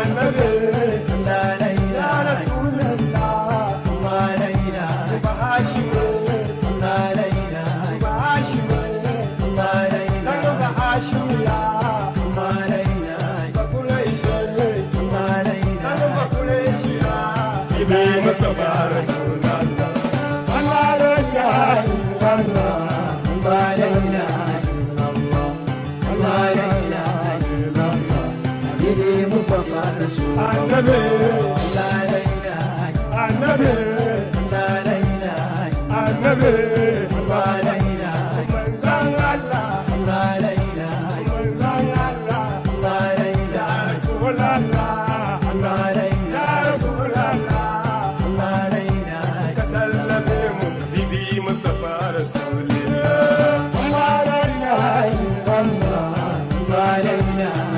I'm a سيدي مصطفى رسول النبي لا ليلى النبي لا ليلى النبي لا ليلى من زان الله لا ليلى من زان الله لا ليلى رسول الله مصطفى رسول الله الله لا اله الله لا اله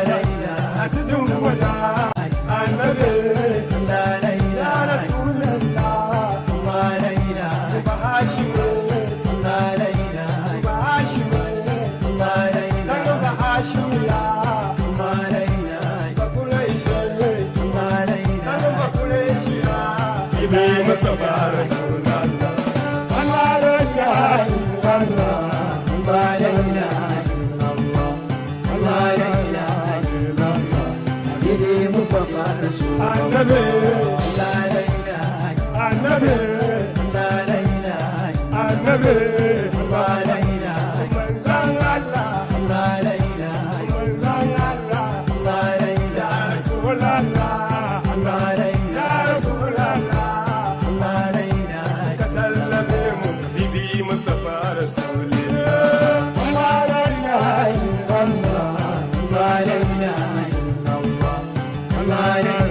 النبي لا ليلا النبي لا ليلا النبي لا ليلا من زان الله لا ليلا من زان الله لا ليلا رسول الله لا ليلا رسول الله لا ليلا قتل النبي محبي مصطفى رسول الله لا ليلا الله لا ليلا